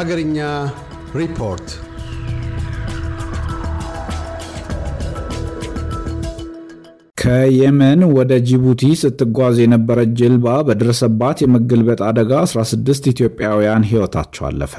ሀገርኛ ሪፖርት ከየመን ወደ ጅቡቲ ስትጓዝ የነበረች ጀልባ በደረሰባት የመገልበጥ አደጋ 16 ኢትዮጵያውያን ሕይወታቸው አለፈ።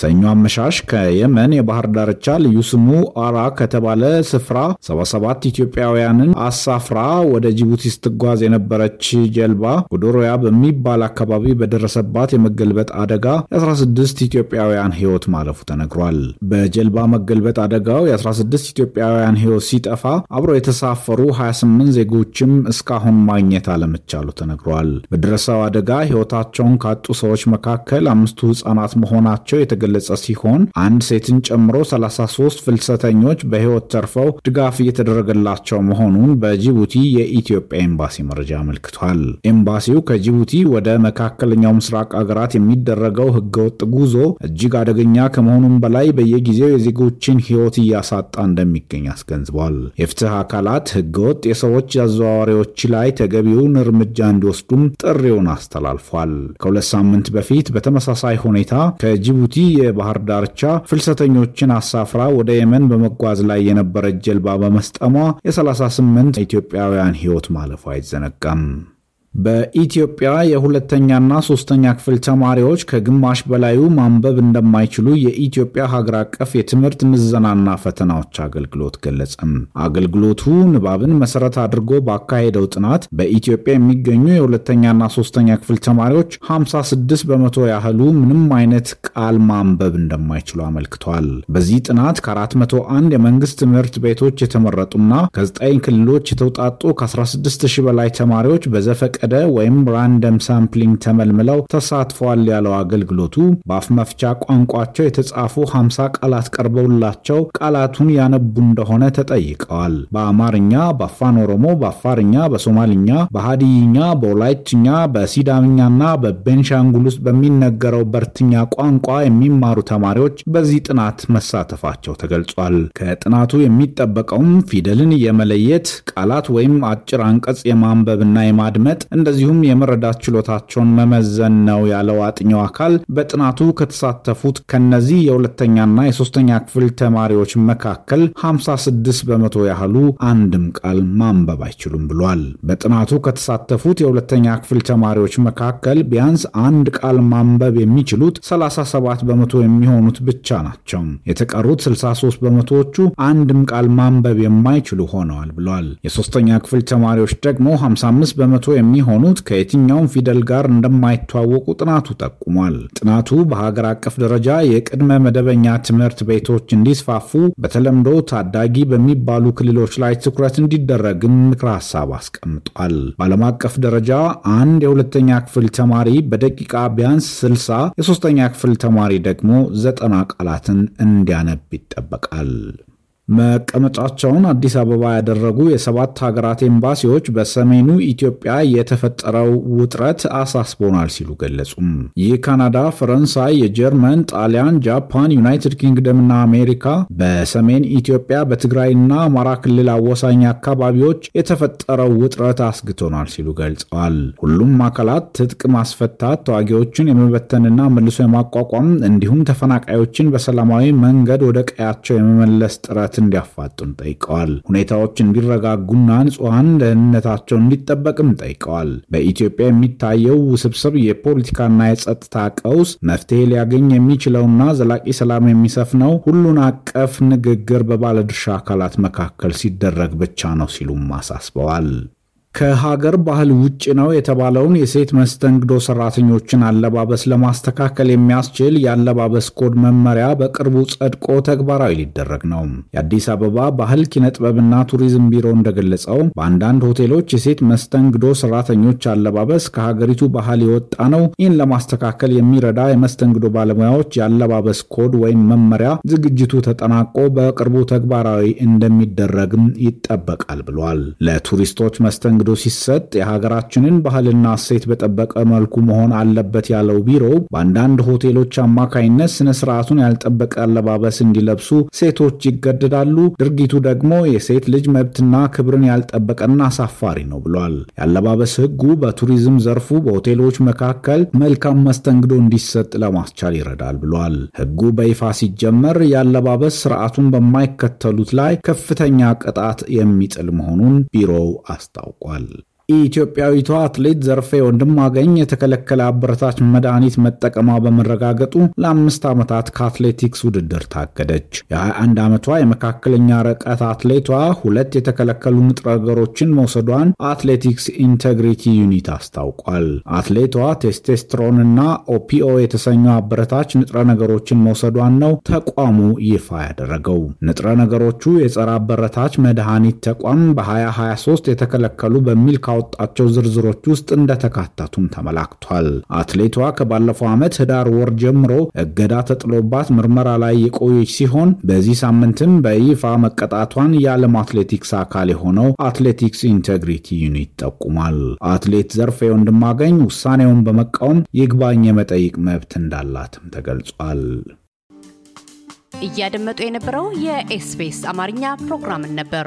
ሰኞ አመሻሽ ከየመን የባህር ዳርቻ ልዩ ስሙ አራ ከተባለ ስፍራ 77 ኢትዮጵያውያንን አሳፍራ ወደ ጅቡቲ ስትጓዝ የነበረች ጀልባ ጎዶሮያ በሚባል አካባቢ በደረሰባት የመገልበጥ አደጋ የ16 ኢትዮጵያውያን ሕይወት ማለፉ ተነግሯል። በጀልባ መገልበጥ አደጋው የ16 ኢትዮጵያውያን ሕይወት ሲጠፋ አብረው የተሳፈሩ 28 የጀርመን ዜጎችም እስካሁን ማግኘት አለመቻሉ ተነግሯል። በደረሰው አደጋ ሕይወታቸውን ካጡ ሰዎች መካከል አምስቱ ሕጻናት መሆናቸው የተገለጸ ሲሆን አንድ ሴትን ጨምሮ 33 ፍልሰተኞች በሕይወት ተርፈው ድጋፍ እየተደረገላቸው መሆኑን በጅቡቲ የኢትዮጵያ ኤምባሲ መረጃ አመልክቷል። ኤምባሲው ከጅቡቲ ወደ መካከለኛው ምስራቅ አገራት የሚደረገው ህገወጥ ጉዞ እጅግ አደገኛ ከመሆኑም በላይ በየጊዜው የዜጎችን ሕይወት እያሳጣ እንደሚገኝ አስገንዝቧል። የፍትህ አካላት ህገወጥ የሰው ሰዎች አዘዋዋሪዎች ላይ ተገቢውን እርምጃ እንዲወስዱም ጥሪውን አስተላልፏል። ከሁለት ሳምንት በፊት በተመሳሳይ ሁኔታ ከጅቡቲ የባህር ዳርቻ ፍልሰተኞችን አሳፍራ ወደ የመን በመጓዝ ላይ የነበረች ጀልባ በመስጠሟ የ38 ኢትዮጵያውያን ሕይወት ማለፉ አይዘነጋም። በኢትዮጵያ የሁለተኛና ሶስተኛ ክፍል ተማሪዎች ከግማሽ በላዩ ማንበብ እንደማይችሉ የኢትዮጵያ ሀገር አቀፍ የትምህርት ምዘናና ፈተናዎች አገልግሎት ገለጸም። አገልግሎቱ ንባብን መሰረት አድርጎ ባካሄደው ጥናት በኢትዮጵያ የሚገኙ የሁለተኛና ሶስተኛ ክፍል ተማሪዎች 56 በመቶ ያህሉ ምንም አይነት ቃል ማንበብ እንደማይችሉ አመልክቷል። በዚህ ጥናት ከ401 የመንግስት ትምህርት ቤቶች የተመረጡና ከ9 ክልሎች የተውጣጡ ከ 16 በላይ ተማሪዎች በዘፈቀ በዘፈቀደ ወይም ራንደም ሳምፕሊንግ ተመልምለው ተሳትፏል ያለው አገልግሎቱ በአፍ መፍቻ ቋንቋቸው የተጻፉ 50 ቃላት ቀርበውላቸው ቃላቱን ያነቡ እንደሆነ ተጠይቀዋል። በአማርኛ፣ በአፋን ኦሮሞ፣ በአፋርኛ፣ በሶማልኛ፣ በሃዲይኛ፣ በወላይትኛ፣ በሲዳምኛና በቤንሻንጉል ውስጥ በሚነገረው በርትኛ ቋንቋ የሚማሩ ተማሪዎች በዚህ ጥናት መሳተፋቸው ተገልጿል። ከጥናቱ የሚጠበቀውም ፊደልን የመለየት ቃላት ወይም አጭር አንቀጽ የማንበብና የማድመጥ እንደዚሁም የመረዳት ችሎታቸውን መመዘን ነው ያለው አጥኚው አካል በጥናቱ ከተሳተፉት ከነዚህ የሁለተኛና የሶስተኛ ክፍል ተማሪዎች መካከል 56 በመቶ ያህሉ አንድም ቃል ማንበብ አይችሉም ብሏል። በጥናቱ ከተሳተፉት የሁለተኛ ክፍል ተማሪዎች መካከል ቢያንስ አንድ ቃል ማንበብ የሚችሉት 37 በመቶ የሚሆኑት ብቻ ናቸው። የተቀሩት 63 በመቶዎቹ አንድም ቃል ማንበብ የማይችሉ ሆነዋል ብሏል። የሶስተኛ ክፍል ተማሪዎች ደግሞ 55 በመቶ የሚሆኑት ከየትኛውም ፊደል ጋር እንደማይተዋወቁ ጥናቱ ጠቁሟል። ጥናቱ በሀገር አቀፍ ደረጃ የቅድመ መደበኛ ትምህርት ቤቶች እንዲስፋፉ በተለምዶ ታዳጊ በሚባሉ ክልሎች ላይ ትኩረት እንዲደረግም ምክረ ሀሳብ አስቀምጧል። በዓለም አቀፍ ደረጃ አንድ የሁለተኛ ክፍል ተማሪ በደቂቃ ቢያንስ 60 የሶስተኛ ክፍል ተማሪ ደግሞ ዘጠና ቃላትን እንዲያነብ ይጠበቃል። መቀመጫቸውን አዲስ አበባ ያደረጉ የሰባት ሀገራት ኤምባሲዎች በሰሜኑ ኢትዮጵያ የተፈጠረው ውጥረት አሳስቦናል ሲሉ ገለጹም። ይህ ካናዳ፣ ፈረንሳይ፣ የጀርመን፣ ጣሊያን፣ ጃፓን፣ ዩናይትድ ኪንግደም እና አሜሪካ በሰሜን ኢትዮጵያ በትግራይና አማራ ክልል አዋሳኝ አካባቢዎች የተፈጠረው ውጥረት አስግቶናል ሲሉ ገልጸዋል። ሁሉም አካላት ትጥቅ ማስፈታት፣ ተዋጊዎችን የመበተንና መልሶ የማቋቋም እንዲሁም ተፈናቃዮችን በሰላማዊ መንገድ ወደ ቀያቸው የመመለስ ጥረት ጥረት እንዲያፋጥኑ ጠይቀዋል። ሁኔታዎች እንዲረጋጉና ንጹሐን ደህንነታቸው እንዲጠበቅም ጠይቀዋል። በኢትዮጵያ የሚታየው ውስብስብ የፖለቲካና የጸጥታ ቀውስ መፍትሄ ሊያገኝ የሚችለውና ዘላቂ ሰላም የሚሰፍነው ሁሉን አቀፍ ንግግር በባለድርሻ አካላት መካከል ሲደረግ ብቻ ነው ሲሉም አሳስበዋል። ከሀገር ባህል ውጭ ነው የተባለውን የሴት መስተንግዶ ሰራተኞችን አለባበስ ለማስተካከል የሚያስችል የአለባበስ ኮድ መመሪያ በቅርቡ ጸድቆ ተግባራዊ ሊደረግ ነው። የአዲስ አበባ ባህል ኪነጥበብና ቱሪዝም ቢሮ እንደገለጸው በአንዳንድ ሆቴሎች የሴት መስተንግዶ ሰራተኞች አለባበስ ከሀገሪቱ ባህል የወጣ ነው። ይህን ለማስተካከል የሚረዳ የመስተንግዶ ባለሙያዎች የአለባበስ ኮድ ወይም መመሪያ ዝግጅቱ ተጠናቆ በቅርቡ ተግባራዊ እንደሚደረግም ይጠበቃል ብሏል። ለቱሪስቶች መስተንግ መስተንግዶ ሲሰጥ የሀገራችንን ባህልና እሴት በጠበቀ መልኩ መሆን አለበት ያለው ቢሮ በአንዳንድ ሆቴሎች አማካይነት ስነ ስርዓቱን ያልጠበቀ አለባበስ እንዲለብሱ ሴቶች ይገደዳሉ። ድርጊቱ ደግሞ የሴት ልጅ መብትና ክብርን ያልጠበቀና አሳፋሪ ነው ብሏል። የአለባበስ ሕጉ በቱሪዝም ዘርፉ በሆቴሎች መካከል መልካም መስተንግዶ እንዲሰጥ ለማስቻል ይረዳል ብሏል። ህጉ በይፋ ሲጀመር የአለባበስ ስርዓቱን በማይከተሉት ላይ ከፍተኛ ቅጣት የሚጥል መሆኑን ቢሮው አስታውቋል። الأول ኢትዮጵያዊቷ አትሌት ዘርፌ ወንድማገኝ የተከለከለ አበረታች መድኃኒት መጠቀሟ በመረጋገጡ ለአምስት ዓመታት ከአትሌቲክስ ውድድር ታገደች። የ21 ዓመቷ የመካከለኛ ርቀት አትሌቷ ሁለት የተከለከሉ ንጥረ ነገሮችን መውሰዷን አትሌቲክስ ኢንቴግሪቲ ዩኒት አስታውቋል። አትሌቷ ቴስቴስትሮን እና ኦፒኦ የተሰኙ አበረታች ንጥረ ነገሮችን መውሰዷን ነው ተቋሙ ይፋ ያደረገው። ንጥረ ነገሮቹ የጸረ አበረታች መድኃኒት ተቋም በ2023 የተከለከሉ በሚል ካወጣቸው ዝርዝሮች ውስጥ እንደተካተቱም ተመላክቷል። አትሌቷ ከባለፈው ዓመት ህዳር ወር ጀምሮ እገዳ ተጥሎባት ምርመራ ላይ የቆየች ሲሆን በዚህ ሳምንትም በይፋ መቀጣቷን የዓለም አትሌቲክስ አካል የሆነው አትሌቲክስ ኢንቴግሪቲ ዩኒት ጠቁሟል። አትሌት ዘርፌ ወንድማገኝ ውሳኔውን በመቃወም ይግባኝ የመጠይቅ መብት እንዳላትም ተገልጿል። እያደመጡ የነበረው የኤስቢኤስ አማርኛ ፕሮግራምን ነበር።